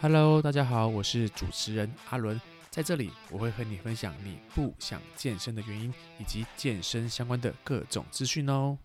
Hello，大家好，我是主持人阿倫。在這裡，我會和你分享你不想健身的原因，以及健身相關的各種資訊哦。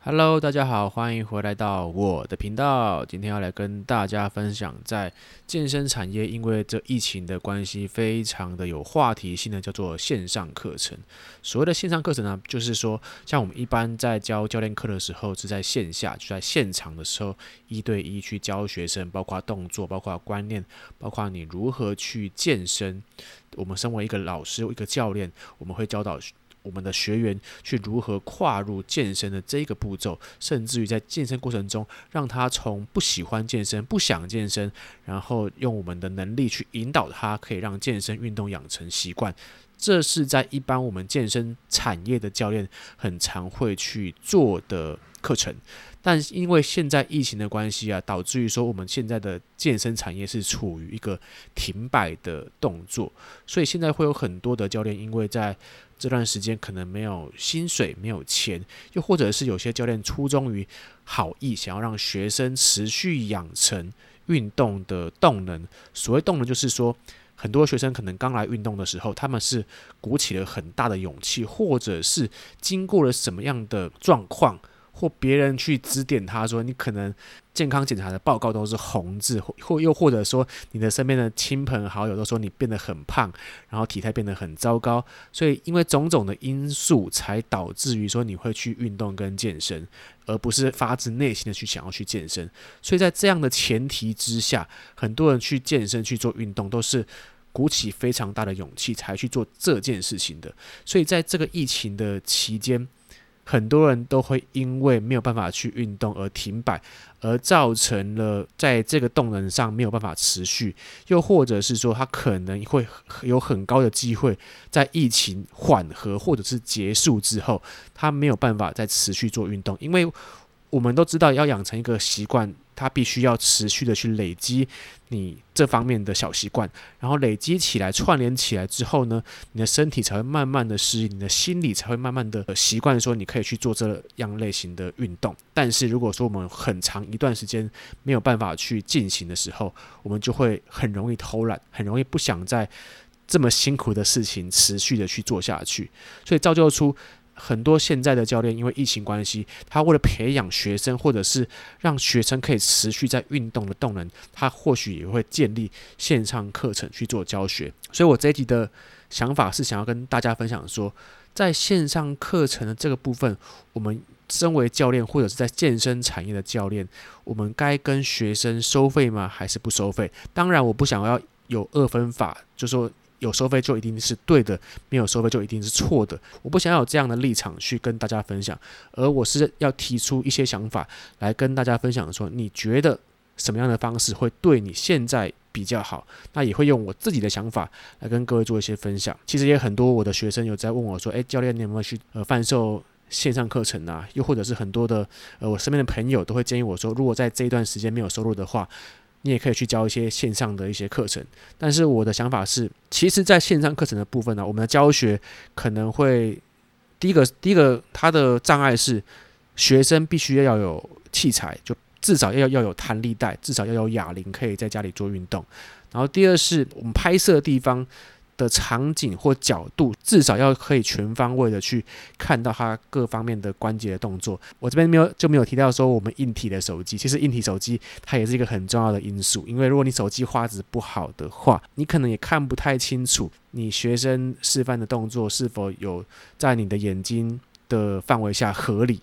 Hello，大家好，歡迎回來到我的頻道。今天要來跟大家分享，在健身產業因為這疫情的關係，非常的有話題性的叫做線上課程。所謂的線上課程呢，就是說像我們一般在教教練課的時候是在線下，就在現場的時候一對一去教學生，包括動作，包括觀念，包括你如何去健身。我們身為一個老師、一個教練，我們會教導。我們的學員去如何跨入健身的這一個步驟，甚至於在健身過程中，讓他從不喜歡健身、不想健身，然後用我們的能力去引導他，可以讓健身運動養成習慣。這是在一般我們健身產業的教練很常會去做的課程。但因為現在疫情的關係啊，導致於說我們現在的健身產業是處於一個停擺的動作，所以現在會有很多的教練因為在這段時間可能沒有薪水，沒有錢，又或者是有些教練初衷於好意，想要讓學生持續養成運動的動能。所謂動能，就是說很多學生可能剛來運動的時候，他們是鼓起了很大的勇氣，或者是經過了什麼樣的狀況。或別人去指點他說，你可能健康檢查的報告都是紅字，或又或者說你的身邊的親朋好友都說你變得很胖，然後體態變得很糟糕，所以因為種種的因素才導致於說你會去運動跟健身，而不是發自內心的去想要去健身。所以在這樣的前提之下，很多人去健身去做運動都是鼓起非常大的勇氣才去做這件事情的。所以在這個疫情的期間。很多人都會因為沒有辦法去運動而停擺，而造成了在這個動能上沒有辦法持續，又或者是說他可能會有很高的機會，在疫情緩和或者是結束之後，他沒有辦法再持續做運動，因為我們都知道要養成一個習慣。它必須要持續的去累積你這方面的小習慣，然後累積起來，串聯起來之後呢，你的身體才會慢慢的適應，你的心理才會慢慢的習慣，說你可以去做這樣類型的運動。但是如果說我們很長一段時間沒有辦法去進行的時候，我們就會很容易偷懶，很容易不想再這麼辛苦的事情持續的去做下去，所以造就出。很多現在的教練因為疫情關係，他為了培養學生，或者是讓學生可以持續在運動的動能，他或許也會建立線上課程去做教學。所以我這一集的想法是想要跟大家分享說，在線上課程的這個部分，我們身為教練或者是在健身產業的教練，我們該跟學生收費嗎？還是不收費？當然，我不想要有二分法，就是說。有收費就一定是對的，沒有收費就一定是錯的。我不想要有這樣的立場去跟大家分享，而我是要提出一些想法來跟大家分享，說你覺得什麼樣的方式會對你現在比較好？那也會用我自己的想法來跟各位做一些分享。其實也很多我的學生有在問我說，誒，教練你有沒有去呃販售線上課程啊？又或者是很多的呃我身邊的朋友都會建議我說，如果在這一段時間沒有收入的話，你也可以去教一些線上的一些課程，但是我的想法是，其實在線上課程的部分呢，啊，我們的教學可能會第一個，第一個它的障礙是學生必須要有器材，就至少要要有彈力帶，至少要有啞鈴，可以在家裡做運動。然後第二是，我們拍攝的地方，的場景或角度，至少要可以全方位的去看到他各方面的關節的動作。我這邊沒有就沒有提到說，我們硬體的手機，其實硬體手機它也是一個很重要的因素。因為如果你手機畫質不好的話，你可能也看不太清楚你學生示範的動作是否有在你的眼睛的範圍下合理。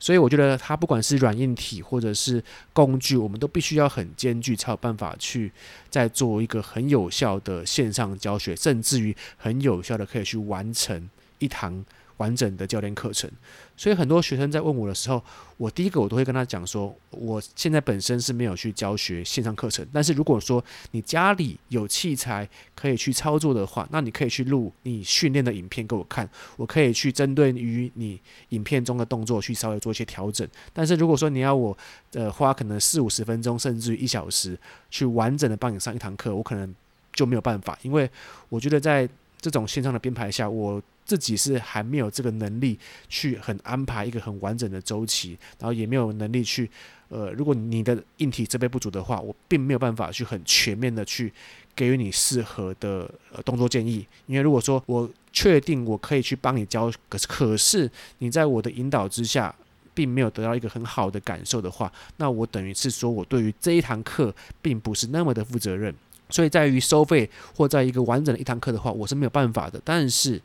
所以我覺得，它不管是軟硬體或者是工具，我們都必須要很兼具才有辦法去再做一個很有效的線上教學，甚至於很有效的可以去完成一堂。完整的教練課程，所以很多學生在問我的時候，我第一個我都會跟他講說，我現在本身是沒有去教學線上課程，但是如果說你家裡有器材可以去操作的話，那你可以去錄你訓練的影片給我看，我可以去針對於你影片中的動作去稍微做一些調整。但是如果說你要我呃花可能四五十分鐘，甚至一小時去完整的幫你上一堂課，我可能就沒有辦法，因為我覺得在這種線上的編排下，我。自己是還沒有這個能力去很安排一個很完整的周期，然後也沒有能力去，呃，如果你的硬體設備不足的話，我並沒有辦法去很全面的去給予你適合的、呃、動作建議。因為如果說我確定我可以去幫你教，可是可是你在我的引導之下，並沒有得到一個很好的感受的話，那我等於是說我對於這一堂課並不是那麼的負責任。所以在於收費或在一個完整的一堂課的話，我是沒有辦法的。但是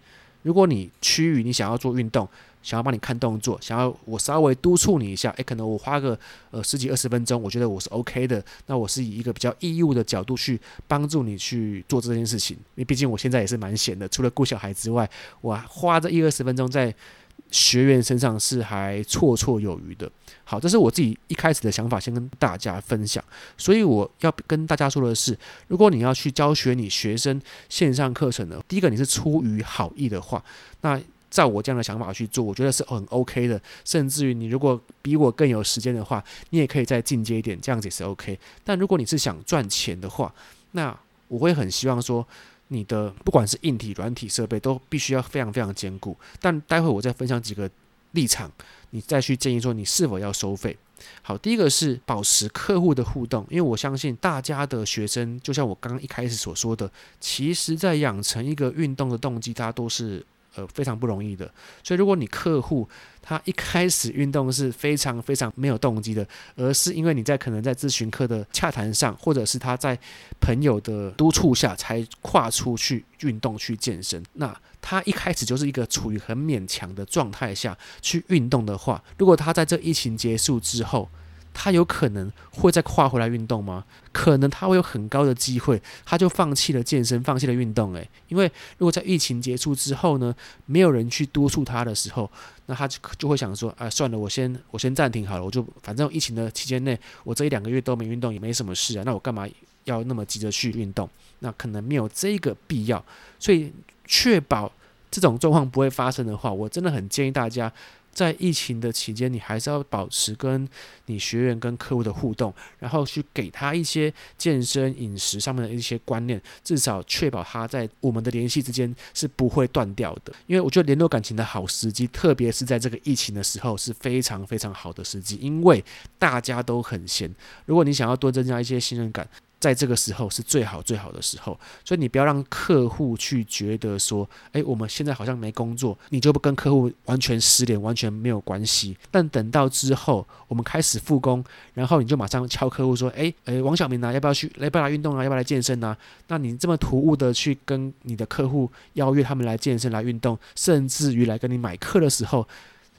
如果你區域你想要做運動，想要幫你看動作，想要我稍微督促你一下，誒，可能我花個呃十幾二十分鐘，我覺得我是 OK 的。那我是以一個比較義務的角度去幫助你去做這件事情，因為畢竟我現在也是蠻閒的，除了顧小孩之外，我還花這一二十分鐘在。學員身上是還綽綽有餘的。好，這是我自己一開始的想法，先跟大家分享。所以我要跟大家說的是，如果你要去教學你學生線上課程呢，第一個你是出於好意的話，那照我這樣的想法去做，我覺得是很 OK 的。甚至於你如果比我更有時間的話，你也可以再進階一點，這樣子也是 OK。但如果你是想賺錢的話，那我會很希望說。你的不管是硬體、軟體設備都必須要非常非常堅固。但待會我再分享幾個立場，你再去建議說你是否要收費。好，第一個是保持客戶的互動，因為我相信大家的學生，就像我剛剛一開始所說的，其實在養成一個運動的動機，它都是。呃，非常不容易的。所以，如果你客戶他一開始運動是非常非常沒有動機的，而是因為你在可能在諮詢課的洽談上，或者是他在朋友的督促下才跨出去運動去健身，那他一開始就是一個處於很勉強的狀態下去運動的話，如果他在這疫情結束之後，他有可能會再跨回來運動嗎？可能他會有很高的機會，他就放棄了健身，放棄了運動、欸。誒，因為如果在疫情結束之後呢，沒有人去督促他的時候，那他就就會想說，哎，算了，我先我先暫停好了，我就反正疫情的期間內，我這一兩個月都沒運動也沒什麼事啊，那我幹嘛要那麼急着去運動？那可能沒有這個必要。所以確保這種狀況不會發生的話，我真的很建議大家。在疫情的期間，你還是要保持跟你學員、跟客戶的互動，然後去給他一些健身、飲食上面的一些觀念，至少確保他在我們的聯繫之間是不會斷掉的。因為我覺得聯絡感情的好時機，特別是在這個疫情的時候，是非常非常好的時機，因為大家都很閒。如果你想要多增加一些信任感。在這個時候是最好最好的時候，所以你不要讓客戶去覺得說，哎，我們現在好像沒工作，你就不跟客戶完全失聯，完全沒有關係。但等到之後我們開始復工，然後你就馬上敲客戶說，哎，呃，王小明吶，要不要去，要不要來表來運動啊，要不要來健身啊？那你這麼突兀的去跟你的客戶邀約他們來健身、來運動，甚至於來跟你買課的時候，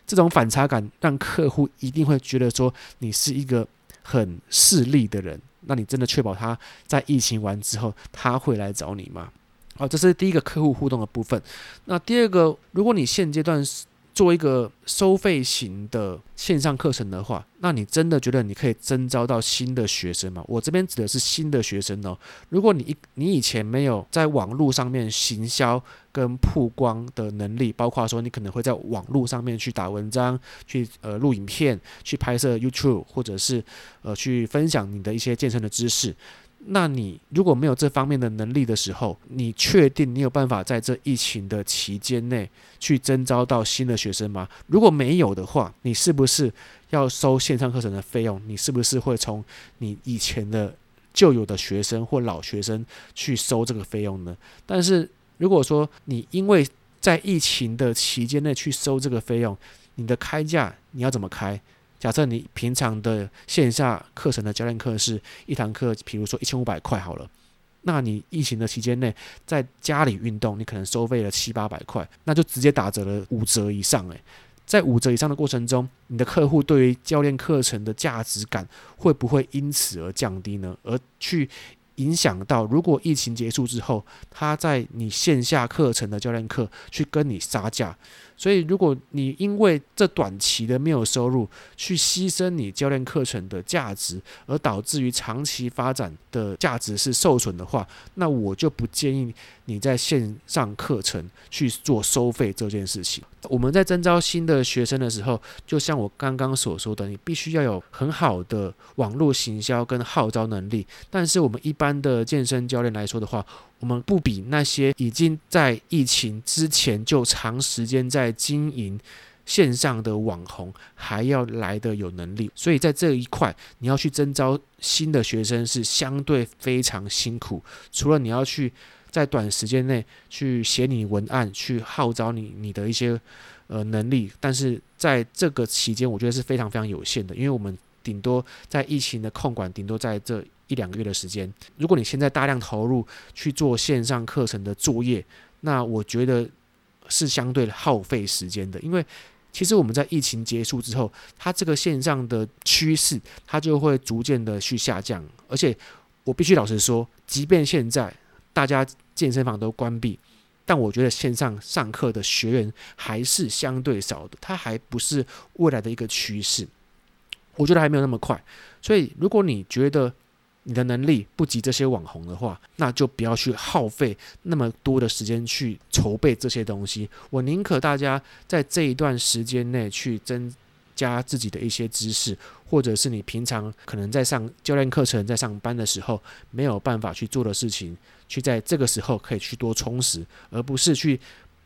這種反差感讓客戶一定會覺得說，你是一個很勢利的人。那你真的確保他在疫情完之後他會來找你嗎？好，這是第一個客戶互動的部分。那第二個，如果你現階段是。做一個收費型的線上課程的話，那你真的覺得你可以徵招到新的學生嗎？我這邊指的是新的學生哦。如果你一你以前沒有在網絡上面行銷跟曝光的能力，包括說你可能會在網絡上面去打文章，去呃錄影片，去拍攝 YouTube，或者是呃去分享你的一些健身的知識。那你如果沒有這方面的能力的時候，你確定你有辦法在這疫情的期間內去徵召到新的學生嗎？如果沒有的話，你是不是要收線上課程的費用？你是不是會從你以前的舊有的學生或老學生去收這個費用呢？但是如果說你因為在疫情的期間內去收這個費用，你的開價你要怎麼開？假設你平常的線下課程的教練課是一堂課，比如說一千五百塊好了，那你疫情的期間內在家裡運動，你可能收費了七八百塊，那就直接打折了五折以上。哎，在五折以上的過程中，你的客戶對於教練課程的價值感會不會因此而降低呢？而去影響到，如果疫情結束之後，他在你線下課程的教練課去跟你殺價。所以，如果你因為這短期的沒有收入，去犧牲你教練課程的價值，而導致於長期發展的價值是受損的話，那我就不建議你在線上課程去做收費這件事情。我們在徵招新的學生的時候，就像我剛剛所說的，你必須要有很好的網絡行銷跟號召能力。但是，我們一般的健身教練來說的話，我們不比那些已經在疫情之前就長時間在經營線上的網紅還要來得有能力，所以在這一塊，你要去徵召新的學生是相對非常辛苦。除了你要去在短時間內去寫你文案，去號召你你的一些呃能力，但是在這個期間，我覺得是非常非常有限的，因為我們。頂多在疫情的控管，頂多在這一兩個月的時間。如果你現在大量投入去做線上課程的作業，那我覺得是相對耗費時間的。因為其實我們在疫情結束之後，它這個線上的趨勢，它就會逐漸的去下降。而且我必須老實說，即便現在大家健身房都關閉，但我覺得線上上課的學員還是相對少的，它還不是未來的一個趨勢。我覺得還沒有那麼快，所以如果你覺得你的能力不及這些網紅的話，那就不要去耗費那麼多的時間去籌備這些東西。我寧可大家在這一段時間內去增加自己的一些知識，或者是你平常可能在上教練課程、在上班的時候沒有辦法去做的事情，去在這個時候可以去多充實，而不是去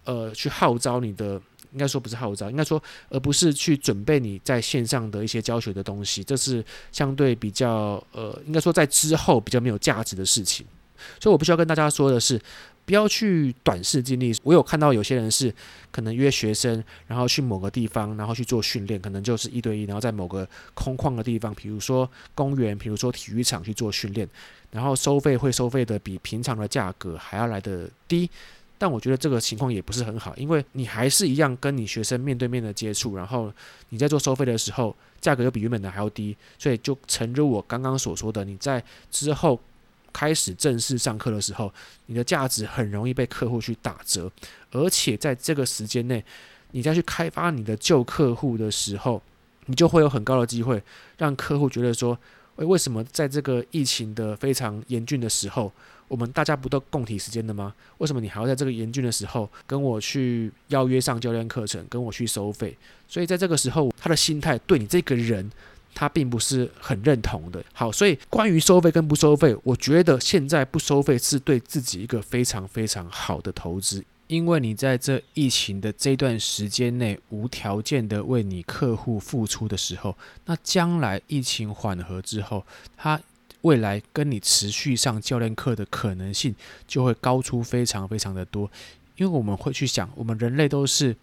呃去號召你的。應該說不是號召，應該說而不是去準備你在線上的一些教學的東西，這是相對比較呃，應該說在之後比較沒有價值的事情。所以我不需要跟大家說的是，不要去短視近利。我有看到有些人是可能約學生，然後去某個地方，然後去做訓練，可能就是一對一，然後在某個空曠的地方，比如說公園，比如說體育場去做訓練，然後收費會收費的比平常的價格還要來得低。但我覺得這個情況也不是很好，因為你還是一樣跟你學生面對面的接觸，然後你在做收費的時候，價格又比原本的還要低，所以就誠如我剛剛所說的，你在之後開始正式上課的時候，你的價值很容易被客戶去打折，而且在這個時間內，你再去開發你的舊客戶的時候，你就會有很高的機會讓客戶覺得說，欸，為什麼在這個疫情的非常嚴峻的時候？我們大家不都共體時艱的嗎？為什麼你還要在這個嚴峻的時候跟我去邀約上教練課程，跟我去收費？所以在這個時候，他的心態對你這個人，他並不是很認同的。好，所以關於收費跟不收費，我覺得現在不收費是對自己一個非常非常好的投資，因為你在這疫情的這段時間內無條件的為你客戶付出的時候，那將來疫情緩和之後，他。未來跟你持續上教練課的可能性就會高出非常非常的多，因為我們會去想，我們人類都是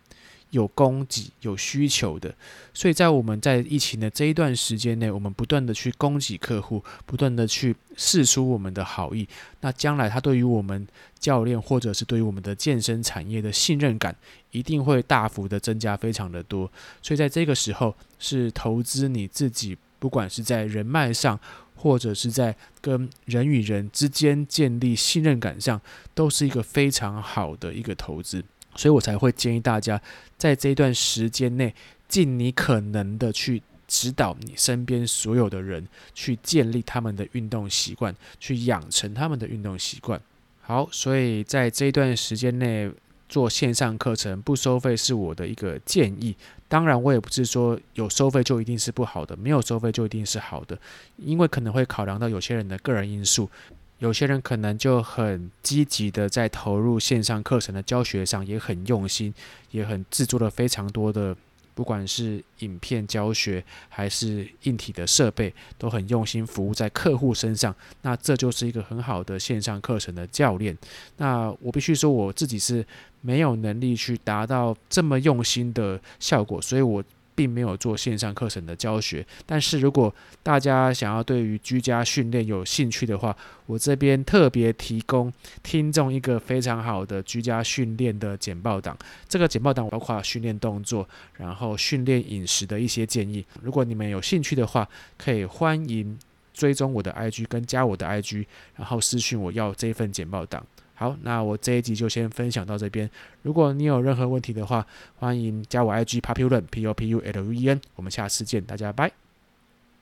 有供給有需求的，所以在我們在疫情的這一段時間內，我們不斷的去供給客戶，不斷的去釋出我們的好意，那將來他對於我們教練或者是對於我們的健身產業的信任感一定會大幅的增加，非常的多。所以在這個時候是投資你自己，不管是在人脈上。或者是在跟人與人之間建立信任感上，都是一個非常好的一個投資，所以我才會建議大家在這一段時間內，盡你可能的去指導你身邊所有的人，去建立他們的運動習慣，去養成他們的運動習慣。好，所以在這一段時間內。做線上課程不收費是我的一個建議，當然我也不是說有收費就一定是不好的，沒有收費就一定是好的，因為可能會考量到有些人的個人因素，有些人可能就很積極的在投入線上課程的教學上，也很用心，也很制作了非常多的。不管是影片教學還是硬體的設備，都很用心服務在客戶身上。那這就是一個很好的線上課程的教練。那我必須說，我自己是沒有能力去達到這麼用心的效果，所以我。並沒有做線上課程的教學，但是如果大家想要對於居家訓練有興趣的話，我這邊特別提供聽眾一個非常好的居家訓練的簡報檔。這個簡報檔包括訓練動作，然後訓練飲食的一些建議。如果你們有興趣的話，可以歡迎追蹤我的 IG 跟加我的 IG，然後私訊我要這份簡報檔。好，那我這一集就先分享到這邊。如果你有任何問題的話，歡迎加我 IG populuen, P O P U L U E N。我們下次見，大家拜。Bye